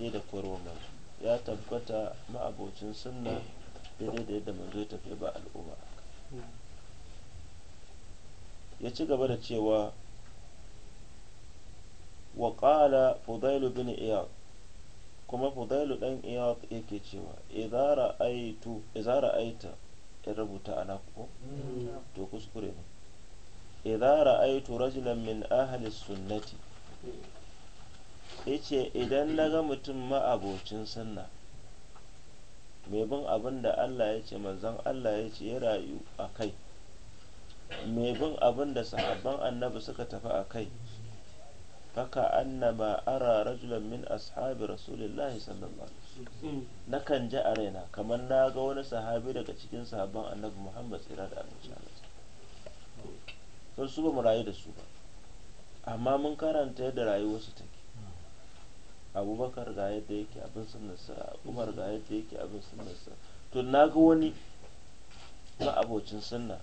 daidai da koyarwa manzo ya tabbata ma'abocin sunna daidai da yadda manzo ya tafi ba al'umma ya ci gaba da cewa wa ƙala fudailu bin iyad kuma fudailu ɗan iyad yake cewa idza aita in rubuta ana ko to kuskure ne idza ra'aitu rajulan min ahli sunnati yace idan na ga mutum ma'abocin sunna mai bin abin da Allah ya ce manzan Allah ya ce ya rayu a kai mai bin abin da sahabban annabi suka tafi a kai faka annama ara rajulan min ashabi rasulillahi sallallahu alaihi na kan ji a raina kamar na ga wani sahabi daga cikin sahabban annabi muhammad tsira da amince sun su ba mu rayu da su ba amma mun karanta yadda rayuwarsu take abubakar ga yadda yake abin sunnarsa umar ga yadda yake abin sunansa to na ga wani abocin sunna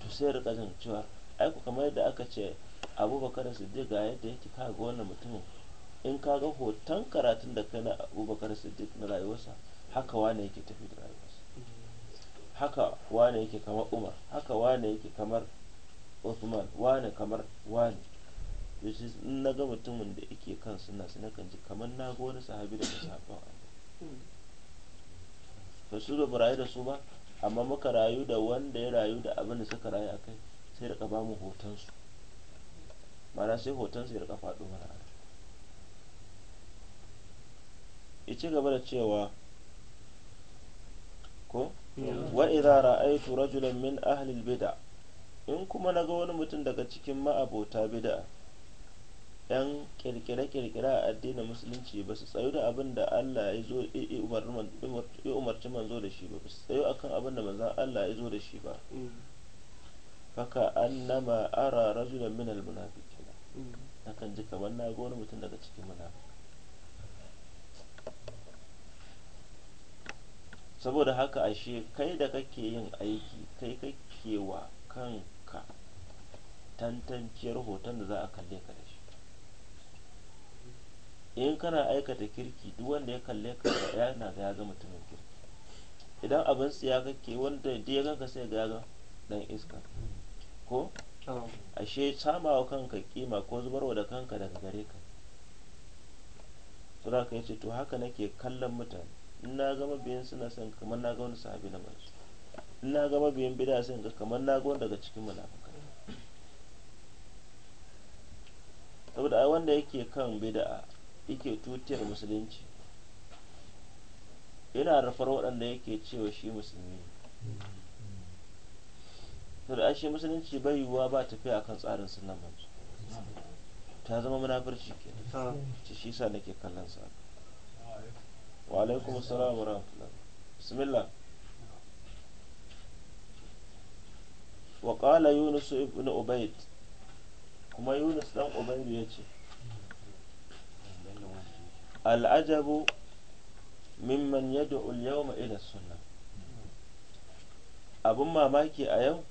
to sai rika jin cewa aiko kamar yadda aka ce abubakar siddiq ga yadda yake kaga wannan mutumin in ka ga hoton karatun da kai na abubakar siddiq na rayuwarsa haka wane yake tafi da rayuwarsa haka wane yake kamar umar haka wane yake kamar Uthman wane kamar wane yashi in na ga mutumin da yake kan suna su nakan ji kamar na ga wani sahabi da sahabban su da da su ba amma muka rayu da wanda ya rayu da abin da suka rayu a kai sai rika ba mu hoton mana sai hoton su rika faɗo mana ya ci gaba da cewa ko wa idza ra'aytu rajulan min ahli bid'a in kuma na ga wani mutum daga cikin ma'abota bid'a 'yan kirkire-kirkire a addinin musulunci ba su tsayu da abin da Allah ya zo ya umarci manzo da shi ba ba su tsayu akan abin da manzan Allah ya zo da shi ba faka mm. annama ara rajulan min almunafiqin mm. nakan ji kamar na ga wani mutum daga cikin munafiki saboda haka ashe kai da kake yin aiki kai kake wa kanka tantanciyar hoton da za a kalle ka da shi in kana aikata kirki duk wanda ya kalle ka na ga ya ga mutumin kirki idan abin ya kake wanda duk ya ka sai ga ya ga dan iska ko oh. ashe samawa kanka kima ko zubarwa da kanka daga gare ka sura ka yace to haka nake kallon mutane in na ga mabiyan suna son kamar na ga wani sahabi na masu in na ga mabiyan bid'a sun ga kamar na ga wani daga cikin munafikai saboda ai wanda yake kan bid'a yake tutiyar musulunci yana rufar waɗanda yake cewa shi musulmi to da ashe musulunci bai yiwuwa ba tafiya akan tsarin sunan manzo ta zama munafurci ke ci shi sa nake kallon sa wa alaikum assalam wa rahmatullah bismillah wa qala yunus ibn ubayd kuma yunus dan ubayd yace al'ajabu mimman yad'u al-yawma ila sunna abin mamaki a yau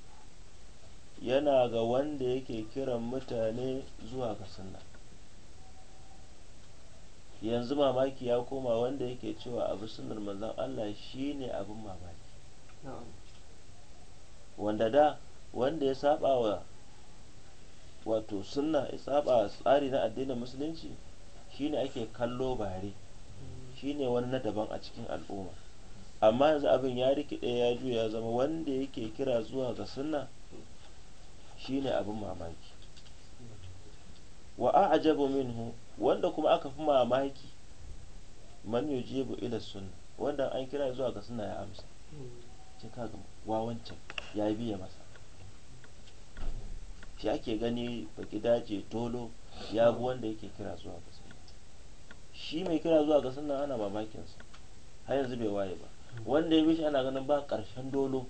yana ga wanda yake kiran mutane zuwa ga sunna yanzu mamaki ya koma wanda yake cewa abu sunar manzon Allah shine abin mamaki wanda da wanda ya saba wa wato sunna ya saba tsari na addinin musulunci shine ake kallo bare mm. shine wani na daban a cikin al'umma amma yanzu abin ya rikide ya juya zama wanda yake kira zuwa ga sunna shine abin mamaki wa a'jabu minhu wanda kuma aka fi mamaki man yujibu ila sunna wanda an kira zuwa ga sunna ya amsa ce mm. kaga wawancan ya biya masa shi ake gani baki dace tolo ya bi wanda yake kira zuwa ga shi mai kira zuwa ga nan ana mamakinsa har yanzu bai waye ba wanda ya bishi ana ganin ba karshen dolo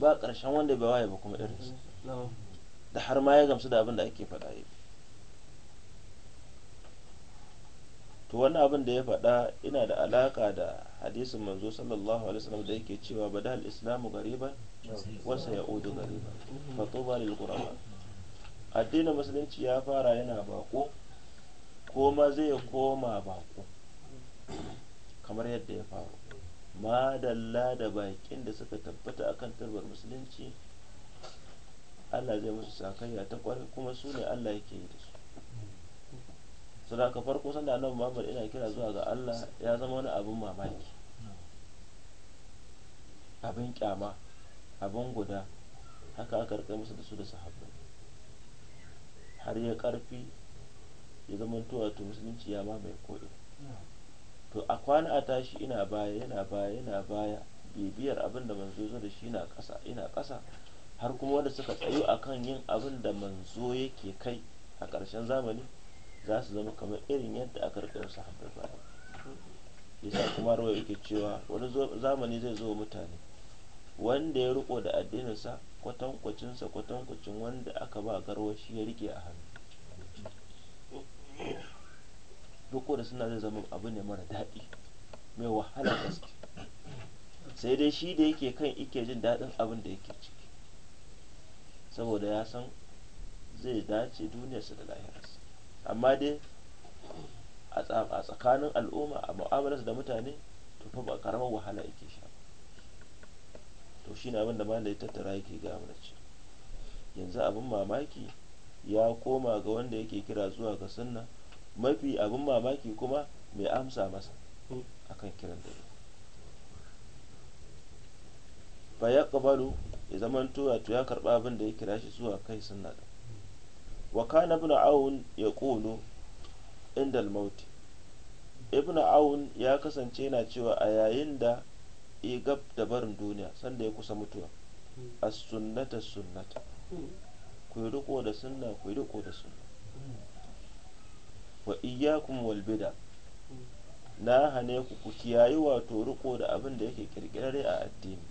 ba karshen wanda bai waye ba kuma irinsa da har ma ya gamsu da abin da ake faɗa yi to wani abin da ya faɗa ina da alaka da hadisin manzo sallallahu alaihi wasallam da yake cewa bada islamu gariba wa sayaudu gariban fa tuba lil qurama addinin musulunci ya fara yana bako Koma zai koma baku kamar yadda ya faru madalla da bakin da suka tabbata a kan tarbar musulunci Allah zai musu sakayya ta kwarai kuma su ne Allah yake yi da su saboda farko sanda annabi Muhammad ina kira zuwa ga Allah ya zama wani abin mamaki abin kyama abin guda haka aka rika musu da su da sahabbai har ya karfi ya zama to musulunci ya ma mai ko'ina to a kwana a tashi ina baya yana baya yana baya bibiyar abin da manzo zo da shi na ƙasa ina ƙasa har kuma wanda suka tsayo akan yin abin da manzo yake kai a ƙarshen zamani za su zama kamar irin yadda aka riƙe su haɓar baya yasa kuma rawa yake cewa wani zamani zai zo mutane wanda ya riko da addininsa kwatankwacinsa kwatankwacin wanda aka ba garwashi ya riƙe a hannu doko da suna zai zama abu ne mara daɗi mai wahala gaske sai dai shi da yake kan ike jin daɗin abin da yake ciki saboda ya san zai dace duniyarsa da lahirarsa amma dai a tsakanin al'umma a mu'amalarsa da mutane to fa ba karamar wahala yake sha to shi na abin da malai tattara yake ga mana yanzu abin mamaki ya koma ga wanda yake kira zuwa ga sunna mafi abin mamaki kuma mai amsa masa hmm. akan kiran da Ba ya qabalu ya zaman to ya karba abin da ya kira shi zuwa kai sunna da wa kana ibn aun inda al ibn awon ya kasance yana cewa a yayin da ya gab da barin duniya sanda ya kusa mutuwa hmm. a sunnata sunnata hmm. ku riko da sunna ku riko da sunna wa iyakun wal bid'a na hane ku ku kiyayi wato riko da abin da yake kirkirare a addini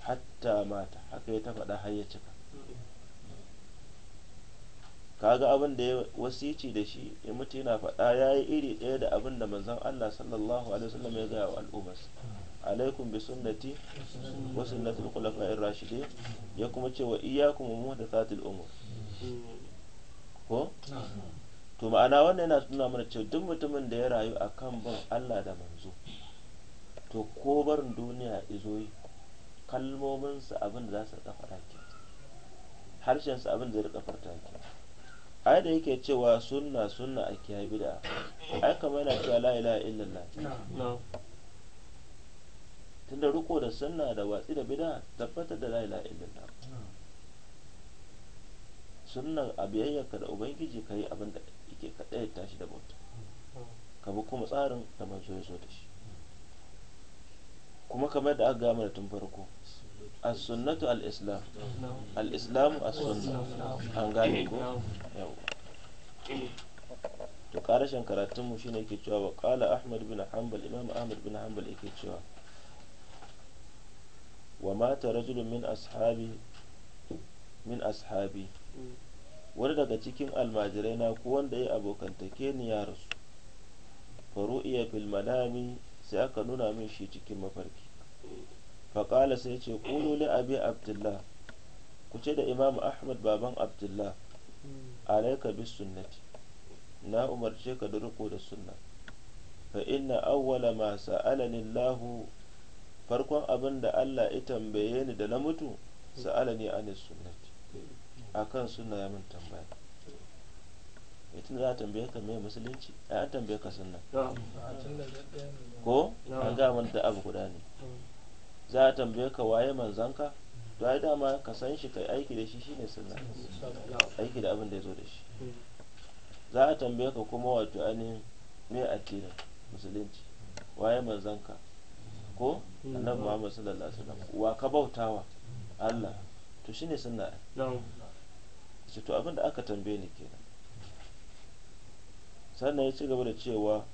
hatta mata haka ya ta faɗa har ya cika kaga abin da ya wasici da shi ya mutu yana faɗa ya yi iri ɗaya da abin da manzon Allah sallallahu alaihi wasallam ya gaya wa al'ummar alaikum bi sunnati wa sunnatul khulafa'ir rashidin ya kuma ce wa iyyakum muhdathatil umur ko to ma'ana wannan yana nuna mana cewa duk mutumin da ya rayu akan bin Allah da manzo to ko barin duniya izo yi kalmominsa abin da za su rika faɗa ke harshensa abin da zai rika farta ke ai da yake cewa sunna sunna a kiyaye bid'a ai kamar yana cewa la ilaha illallah tunda ruko da sunna da watsi da bid'a tabbatar da la ilaha illallah a abiyayyarka da ubangiji ka yi abin da kake ka ɗaya tashi da bauta ka bi kuma tsarin da manzo ya zo da shi kuma kamar da aka gama da tun farko as-sunnatu al-islam al islam as-sunna an gane ko yau to karashin karatun mu shine yake cewa wa qala ahmad bin hanbal imam ahmad bin hanbal yake cewa wa mata rajulun min ashabi min ashabi wani daga cikin almajirai na ko wanda ya abokantake ni ya rasu faru'iya fil manami sai aka nuna min shi cikin mafarki faƙala sai ce ƙulu abi abdullah ku ce da imamu ahmad baban abdullah alaika bis sunnati na umarce ka da riko da sunna fa inna awwala ma sa'alani allah farkon abin da allah ya tambaye ni da na mutu sa'alani anis sunnati akan suna ya min tambaya yatin eh, za a tambaye ka mai musulunci a eh, an tambaye ka suna ko an ga mun da abu guda ne za a tambaye ka waye manzanka to ai dama ka san shi kai aiki da shi shine suna aiki da abin da ya zo da shi za a tambaye ka kuma wato ainihin me addinin musulunci waye manzanka ko annabi Muhammad sallallahu alaihi wasallam wa ka bautawa Allah to shine sunna shi to abin da aka tambaye ni kenan sannan ya ci gaba da cewa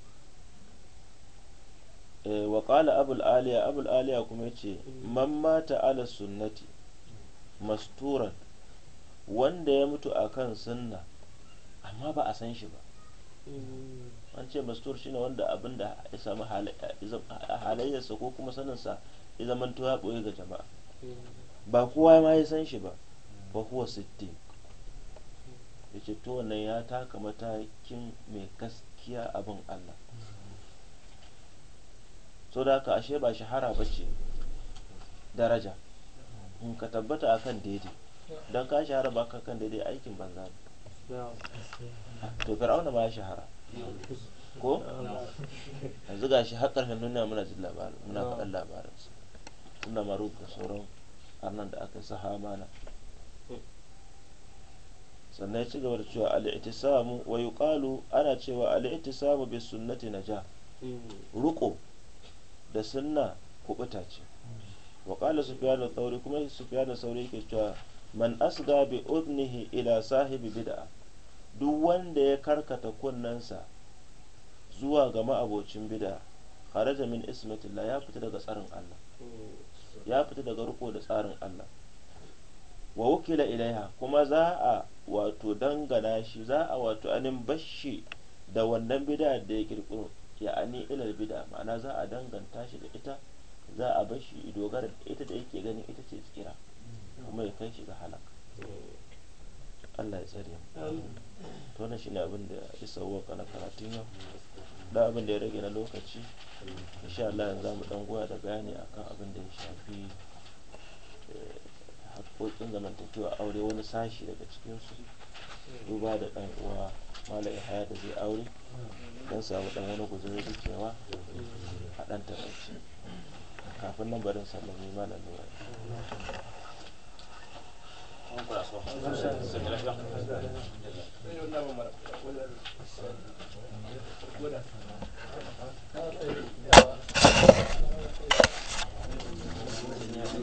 eh, wa qala abul aliya abul aliya kuma ya ce man mata ala sunnati masturan wanda ya mutu akan sunna amma ba a san shi ba an ce mastur shine wanda abin da ya samu halayyarsa ko kuma saninsa ya zama tuwa ɓoye ga jama'a ba kowa ma ya san shi ba ba kowa ya ce to wannan ya taka matakin mai gaskiya abin Allah so da haka ashe ba shahara ba ce daraja in ka tabbata akan daidai don ka shahara ba kan daidai aikin banza ne to fir'auna ba ya shahara ko yanzu ga shi haƙar muna jin labarin muna faɗin labarin suna maruka sauran annan da aka saha mana sannan ya ci gaba da cewa al'itisamu wa yuqalu ana cewa al'itisamu bi sunnati ja hmm. ruko da sunna kubuta ce wa qala sufyan da thawri kuma sufyan da thawri yake cewa man asga bi udnihi ila sahibi bid'a duk wanda ya karkata kunnensa zuwa ga ma'abocin bid'a kharaja min ismatillah ya fita daga hmm. ya fita daga riko da tsarin Allah wa wukila ilaiha kuma za a wato dangana shi za a wato anin bashi da wannan bid'a da ya kirkiro ya ani ilal bid'a ma'ana za a danganta shi da ita za a bashi dogara da ita da yake ganin ita ce tsira kuma ya kai shi ga halaka Allah ya tsare mu to wannan shine abin da ya sauwaka na karatun yau da abin da ya rage na lokaci insha Allah yanzu za dan goya da bayani akan abin da ya shafi eh, haƙoƙin zamantakewa aure wani sashi daga cikinsu duba da ɗan uwa mala ihaya da zai aure don samu ɗan wani guzuri dukewa a ɗan tabbaci kafin nan barin sallami mala nura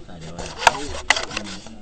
Thank you. Mm-hmm.